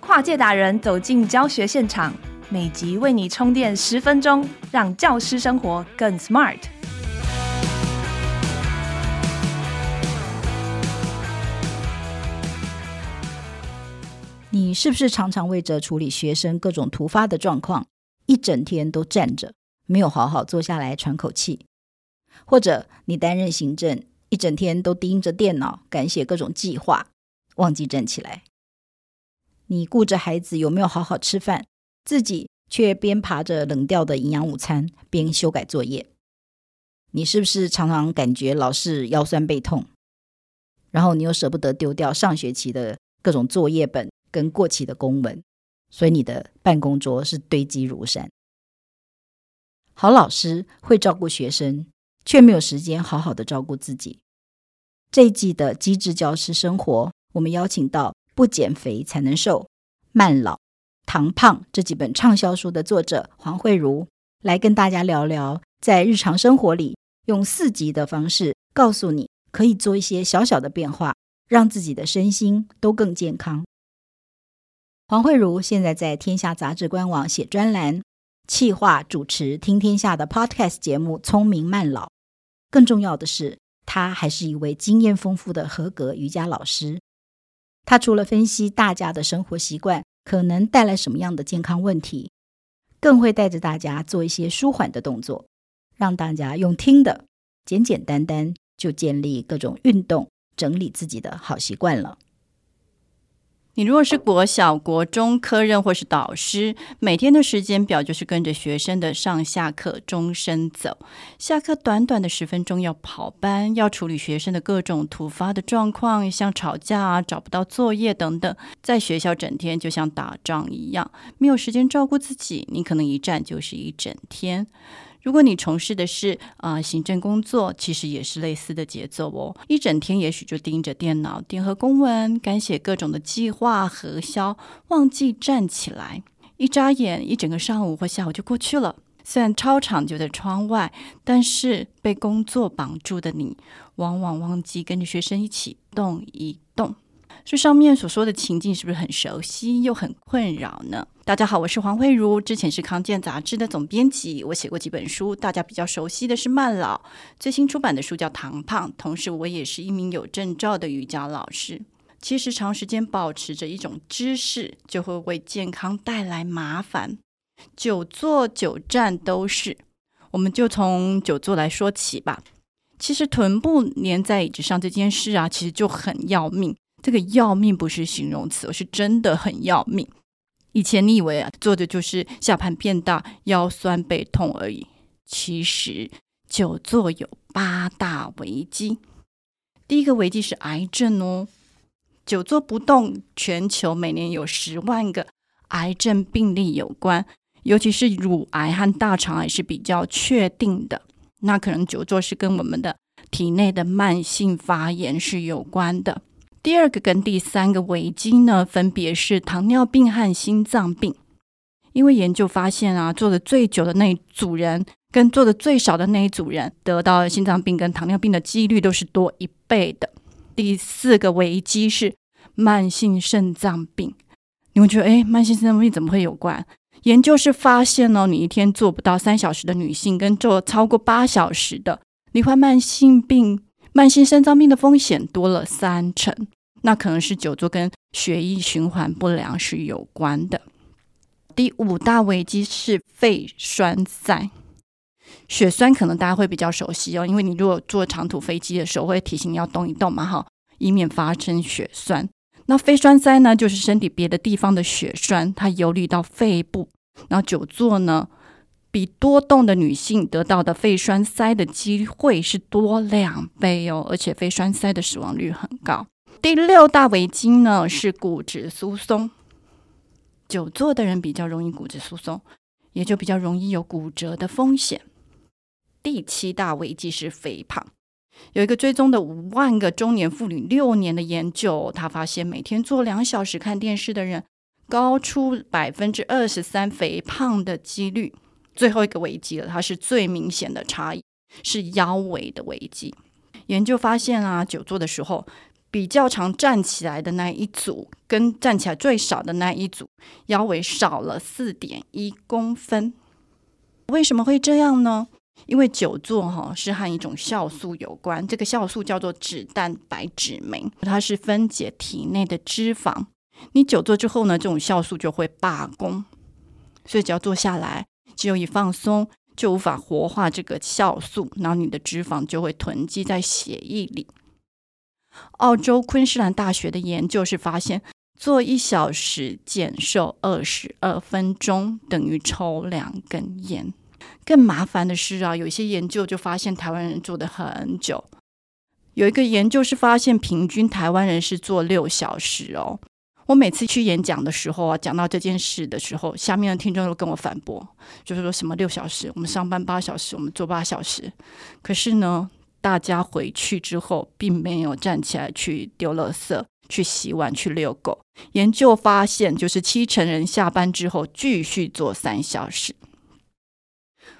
跨界達人走進教學現場，每集為你充電十分鐘，讓教師生活更 smart。你是不是常常為着處理學生各種突發的狀況，一整天都站着，沒有好好坐下來喘口氣？或者你擔任行政，一整天都盯着電腦，趕寫各種計劃，忘記站起來。你顧着孩子有沒有好好吃飯，自己卻邊扒着冷掉的營養午餐，邊修改作業。你是不是常常感覺老是腰痠背痛？然後你又舍不得丟掉上學期的各種作業本跟過期的公文，所以你的辦公桌是堆積如山。好老師會照顧學生，卻沒有時間好好的照顧自己。這一季的《機智教師生活》，我們邀請到《不減肥才能瘦》《慢老》《醣胖》這幾本暢銷書的作者黃惠如，來跟大家聊聊，在日常生活裡用四集的方式，告訴你可以做一些小小的變化，讓自己的身心都更健康。黃惠如現在在《天下》雜誌官網寫專欄，企劃主持《聽天下》的 Podcast 節目《聰明慢老》，更重要的是，他還是一位經驗豐富的合格瑜伽老師。他除了分析大家的生活習慣可能帶來什麼樣的健康問題，更會帶着大家做一些舒緩的動作，讓大家用聽的簡簡單單就建立各種運動，整理自己的好習慣了。你如果是國小、國中科任或是導師，每天的時間表就是跟着學生的上下課鐘聲走。下課短短的十分鐘要跑班，要處理學生的各種突發的狀況，像吵架啊、找不到作業等等。在學校整天就像打仗一樣，沒有時間照顧自己，你可能一站就是一整天。如果你從事的是啊、呃、行政工作，其實也是類似的節奏哦。一整天也許就盯着電腦、點核公文、趕寫各種的計劃核銷，忘記站起來。一眨眼，一整個上午或下午就過去了。雖然操場就在窗外，但是被工作綁住的你，往往忘記跟着學生一起動一動。這上面所說的情境是不是很熟悉又很困擾呢？大家好，我是黃惠如，之前是康健雜誌的總編輯，我寫過幾本書，大家比較熟悉的是《慢老》，最新出版的書叫《醣胖》。同時，我也是一名有證照的瑜伽老師。其實，長時間保持着一種姿勢，就會為健康帶來麻煩。久坐久站都是，我們就從久坐來說起吧。其實，臀部粘在椅子上這件事啊，其實就很要命。這個要命不是形容詞，而是真的很要命。以前你以為啊，坐著就是下盤變大、腰酸背痛而已。其實久坐有八大危機。第一個危機是癌症哦，久坐不動，全球每年有十萬個癌症病例有關，尤其是乳癌和大腸癌是比較確定的。那可能久坐是跟我們的體內的慢性發炎是有關的。第二個跟第三個危機呢，分別是糖尿病和心臟病。因為研究發現啊，坐的最久的那一組人，跟坐的最少的那一組人，得到的心臟病跟糖尿病的幾率都是多一倍的。第四個危機是慢性腎臟病。你們覺得，誒、哎，慢性腎臟病怎麼會有關？研究是發現哦，你一天坐不到三小時的女性，跟坐超過八小時的，罹患慢性病。慢性腎臟病的風險多了三成，那可能是久坐跟血液循環不良是有關的。第五大危機是肺栓塞，血栓可能大家會比較熟悉哦，因為你如果坐長途飛機的時候，會提醒你要動一動嘛，哈，以免發生血栓。那肺栓塞呢，就是身體別的地方的血栓，它游離到肺部，然後久坐呢比多動的女性得到的肺栓塞的機會是多兩倍哦，而且肺栓塞的死亡率很高。第六大危機呢是骨質疏鬆，久坐的人比較容易骨質疏鬆，也就比較容易有骨折的風險。第七大危機是肥胖，有一個追蹤的五萬個中年婦女六年的研究，他發現每天坐兩小時看電視的人，高出百分之二十三肥胖的幾率。最後一個危機了，它是最明顯的差異，是腰圍的危機。研究發現啊，久坐的時候，比較常站起來的那一組，跟站起來最少的那一組，腰圍少了四點一公分。為什麼會這樣呢？因為久坐哈、哦，是和一種酵素有關，這個酵素叫做脂蛋白脂酶，它是分解體內的脂肪。你久坐之後呢，這種酵素就會罷工，所以只要坐下來。肌肉一放鬆，就無法活化這個酵素，然後你的脂肪就會囤積在血液裡。澳洲昆士蘭大學的研究是發現，坐一小時減壽二十二分鐘，等於抽兩根煙。更麻煩的是啊，有一些研究就發現台灣人坐得很久，有一個研究是發現平均台灣人是坐六小時哦。我每次去演講的時候啊，講到這件事的時候，下面的聽眾都跟我反駁，就是說什麼六小時，我們上班八小時，我們坐八小時。可是呢，大家回去之後並沒有站起來去丟垃圾、去洗碗、去遛狗。研究發現，就是七成人下班之後繼續坐三小時。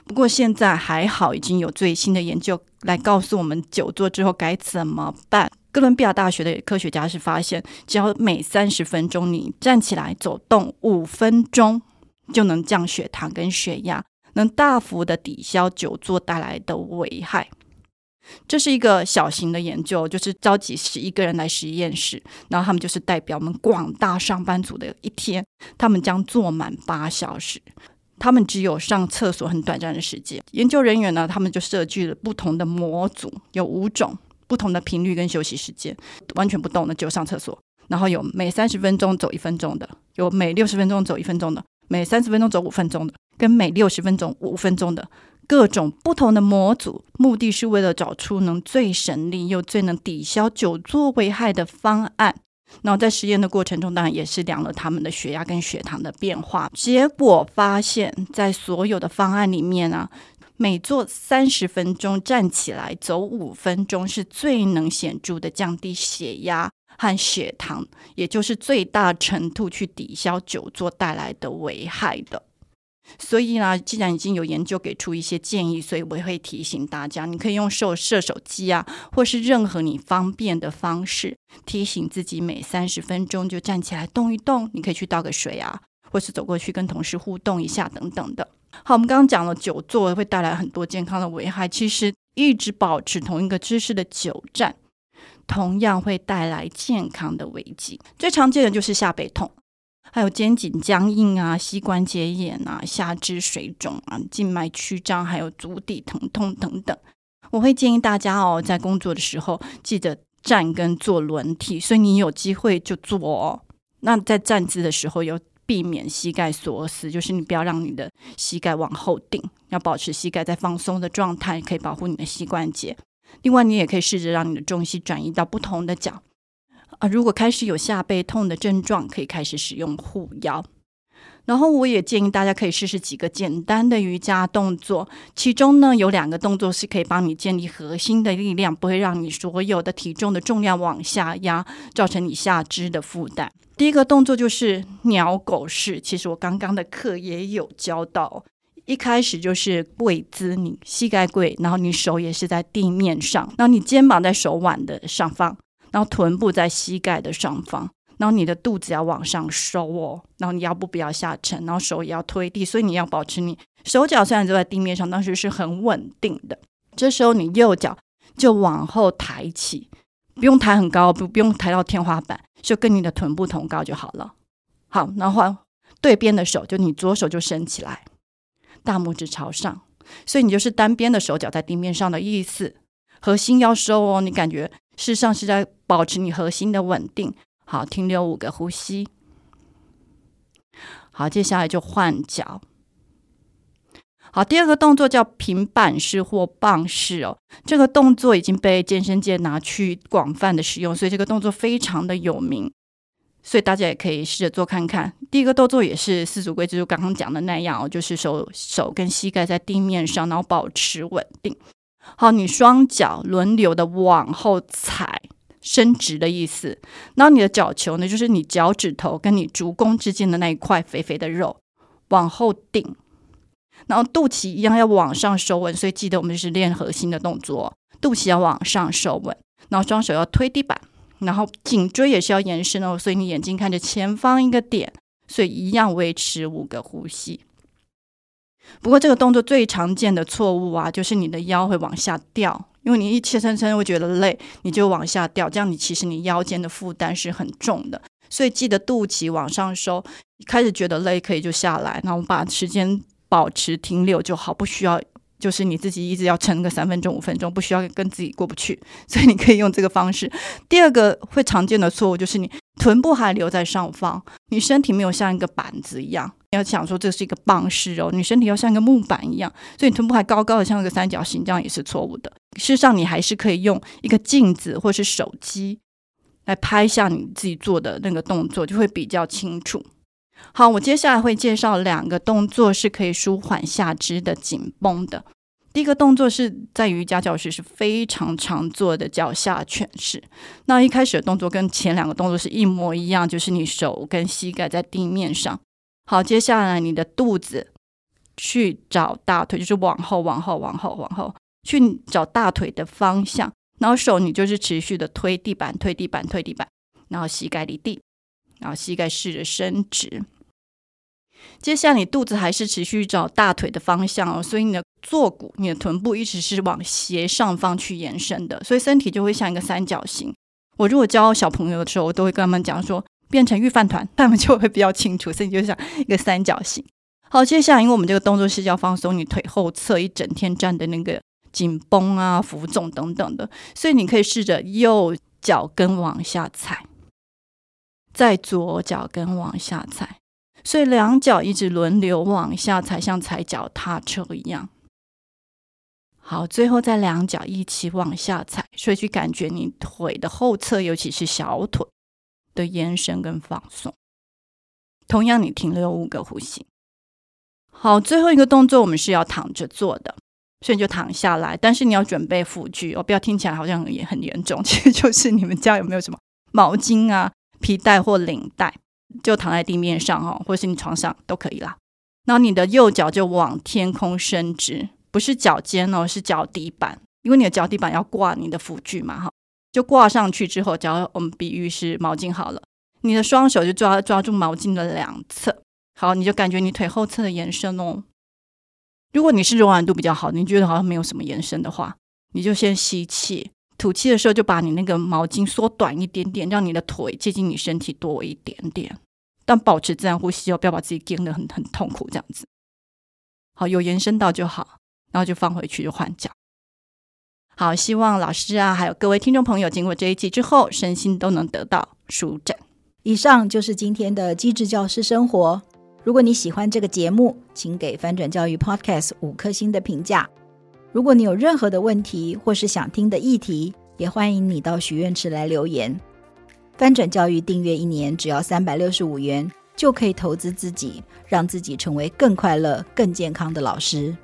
不過現在還好，已經有最新的研究來告訴我們，久坐之後該怎麼辦。哥倫比亞大學的科學家是發現，只要每三十分鐘你站起來走動五分鐘，就能降血糖跟血壓，能大幅的抵消久坐帶來的危害。這是一個小型的研究，就是召集十一個人來實驗室，然後他們就是代表我們廣大上班族的一天，他們將坐滿八小時，他們只有上廁所很短暫的時間。研究人員呢，他們就設計了不同的模組，有五種。不同的頻率跟休息時間，完全不動的就上廁所，然後有每三十分鐘走一分鐘的，有每六十分鐘走一分鐘的，每三十分鐘走五分鐘的，跟每六十分鐘五分鐘的各種不同的模組，目的是為了找出能最省力又最能抵消久坐危害的方案。那在實驗的過程中，當然也是量了他們的血壓跟血糖的變化。結果發現，在所有的方案裡面啊。每坐三十分鐘，站起來走五分鐘是最能顯著的降低血壓和血糖，也就是最大程度去抵消久坐帶來的危害的。所以呢、啊，既然已經有研究給出一些建議，所以我也會提醒大家，你可以用手設,設手機啊，或是任何你方便的方式提醒自己，每三十分鐘就站起來動一動。你可以去倒個水啊，或是走過去跟同事互動一下等等的。好，我們剛剛講了久坐會帶來很多健康的危害，其實一直保持同一個姿勢的久站，同樣會帶來健康的危機。最常見的就是下背痛，還有肩頸僵硬啊、膝關節炎啊、下肢水腫啊、靜脈曲張，還有足底疼痛等等。我會建議大家哦，在工作的時候記得站跟坐輪替，所以你有機會就坐哦。那在站姿的時候有，避免膝蓋鎖死，就是你不要讓你的膝蓋往後頂，要保持膝蓋在放鬆的狀態，可以保護你的膝關節。另外，你也可以試着讓你的重心轉移到不同的腳啊。如果開始有下背痛的症狀，可以開始使用護腰。然後我也建議大家可以試試幾個簡單的瑜伽動作，其中呢有兩個動作是可以幫你建立核心的力量，不會讓你所有的體重的重量往下壓，造成你下肢的負擔。第一個動作就是鳥狗式，其實我剛剛的課也有教到，一開始就是跪姿你，你膝蓋跪，然後你手也是在地面上，然後你肩膀在手腕的上方，然後臀部在膝蓋的上方。然後你的肚子要往上收哦，然後你腰部不要下沉，然後手也要推地，所以你要保持你手腳雖然坐在地面上，但是是很穩定的。這時候你右腳就往後抬起，不用抬很高，不不用抬到天花板，就跟你的臀部同高就好了。好，然後對邊的手，就你左手就伸起來，大拇指朝上，所以你就是單邊的手腳在地面上的意思。核心要收哦，你感覺事實上是在保持你核心的穩定。好，停留五個呼吸。好，接下來就換腳。好，第二個動作叫平板式或棒式哦。這個動作已經被健身界拿去廣泛的使用，所以這個動作非常的有名，所以大家也可以試着做看看。第一個動作也是四足跪姿，就是剛剛講的那樣哦，就是手手跟膝蓋在地面上，然後保持穩定。好，你雙腳輪流的往後踩，伸直的意思，然後你的腳球呢，就是你腳趾頭跟你足弓之間的那一塊肥肥的肉，往後頂，然後肚臍一樣要往上收穩，所以記得我們就是練核心的動作，肚臍要往上收穩，然後雙手要推地板，然後頸椎也是要延伸的哦，所以你眼睛看着前方一個點，所以一樣維持五個呼吸。不過這個動作最常見的錯誤啊，就是你的腰會往下掉，因為你一切伸伸會覺得累，你就往下掉，這樣你其實你腰間的負擔是很重的。所以記得肚臍往上收，一開始覺得累可以就下來，那我們把時間保持停留就好，不需要。就是你自己一直要撐個三分鐘、五分鐘，不需要跟自己過不去，所以你可以用這個方式。第二個會常見的錯誤就是你臀部還留在上方，你身體沒有像一個板子一樣，你要想說這是一個棒式哦，你身體要像一個木板一樣，所以你臀部還高高的像一個三角形，這樣也是錯誤的。事實上，你還是可以用一個鏡子或是手機來拍一下你自己做的那個動作，就會比較清楚。好，我接下來會介紹兩個動作是可以舒緩下肢的緊繃的。第一個動作是在瑜伽教室是非常常做的叫下犬式。那一開始的動作跟前兩個動作是一模一樣，就是你手跟膝蓋在地面上。好，接下來你的肚子去找大腿，就是往後、往後、往後、往後去找大腿的方向。然後手你就是持續的推地板、推地板、推地板，然後膝蓋離地。然後膝蓋試着伸直，接下來你肚子還是持續找大腿的方向哦，所以你的坐骨、你的臀部一直是往斜上方去延伸的，所以身體就會像一個三角形。我如果教我小朋友的時候，我都會跟他們講說，變成預飯糰，他們就會比較清楚，所以就像一個三角形。好，接下來因為我們這個動作是要放鬆你腿後側一整天站的那個緊繃啊、浮腫等等的，所以你可以試着右腳跟往下踩。在左腳跟往下踩，所以兩腳一直輪流往下踩，像踩腳踏車一樣。好，最後再兩腳一起往下踩，所以去感覺你腿的後側，尤其是小腿的延伸跟放鬆。同樣，你停留五個呼吸。好，最後一個動作我們是要躺着做的，所以你就躺下來，但是你要準備輔具哦。不要聽起來好像也很嚴重，其實就是你們家有沒有什麼毛巾啊？皮帶或領帶，就躺在地面上哈、哦，或者是你床上都可以啦。然後你的右腳就往天空伸直，不是腳尖哦，是腳底板，因為你的腳底板要掛你的輔具嘛哈、哦。就掛上去之後，只要我們比喻，是毛巾好了，你的雙手就抓抓住毛巾的兩側，好，你就感覺你腿後側的延伸哦。如果你是柔軟度比較好，你覺得好像沒有什麼延伸的話，你就先吸氣。吐氣的時候，就把你那個毛巾縮短一點點，讓你的腿接近你身體多一點點，但保持自然呼吸哦，不要把自己憋得很很痛苦這樣子。好，有延伸到就好，然後就放回去，就換腳。好，希望老師啊，還有各位聽眾朋友，經過這一季之後，身心都能得到舒展。以上就是今天的機智教師生活。如果你喜歡這個節目，請給翻轉教育 Podcast 五顆星的評價。如果你有任何的問題，或是想聽的議題，也歡迎你到許願池來留言。翻轉教育訂閱一年只要三百六十五元，就可以投資自己，讓自己成為更快樂、更健康的老師。